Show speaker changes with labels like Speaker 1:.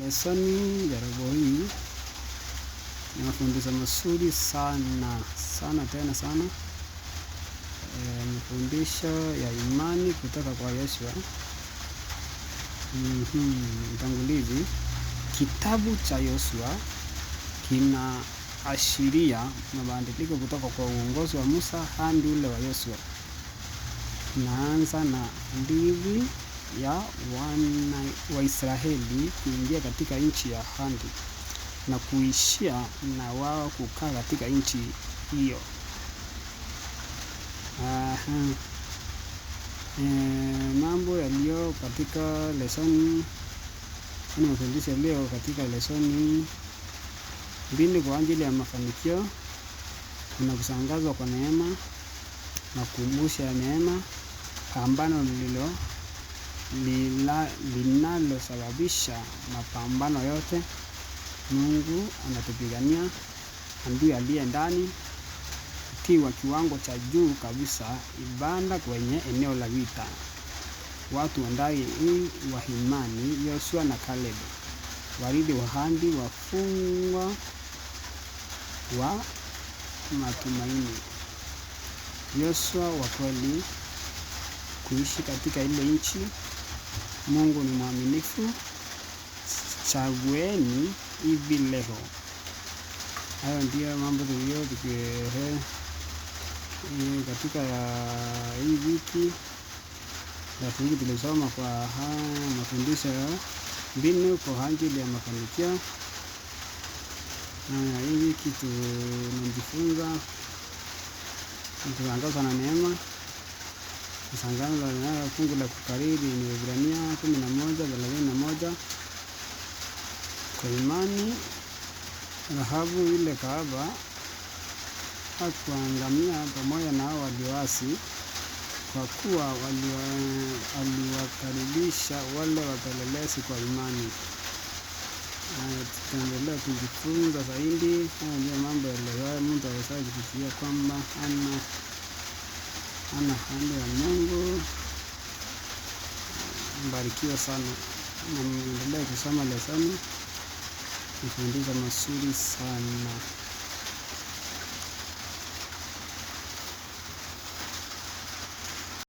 Speaker 1: Lesoni ya robo hii mafundisho mazuri sana sana tena sana. E, mafundisho ya imani kutoka kwa Yoshua mhm, mtangulizi. Mm -hmm. Kitabu cha Yoshua kinaashiria mabadiliko kutoka kwa uongozi wa Musa hadi ule wa Yoshua. Tunaanza na ndivi ya wana Israeli kuingia katika nchi ya Handi na kuishia na wao kukaa katika nchi hiyo. E, mambo yaliyo katika lesoni ni mafundisho yaliyo katika lesoni mbili kwa ajili ya mafanikio. Kuna kusangazwa kwa neema na kukumbusha neema, pambano lililo linalosababisha mapambano yote. Mungu anatupigania adui aliye ndani kiwa kiwango cha juu kabisa ibada kwenye eneo la vita. Watu wandai hii wa imani, Yosua na Caleb, waridi wa wafungwa wa matumaini, yosua wa kweli kuishi katika ile nchi. Mungu ni mwaminifu, chagueni hivi leo. Hayo ndio mambo tulio eh, eh, katika hii wiki natuiki tulisoma kwa mafundisho ya mbinu kwa ajili ya mafanikio. Na hii wiki tumejifunza kuangazwa na neema. Msangano la fungu la kukariri ni Waebrania kumi na moja thelathini na moja Kwa imani Rahabu ile kahaba hakuangamia pamoja na hao waliwasi kwa kuwa aliwakaribisha wale wapelelezi kwa imani. Tutaendelea kujifunza zaidi. Haya ndio mambo yaliyowahi mtu aweza kwamba ana ana hali ya Mungu mbarikiwa sana na mwendelee kusoma lesoni nifundiza mazuri sana.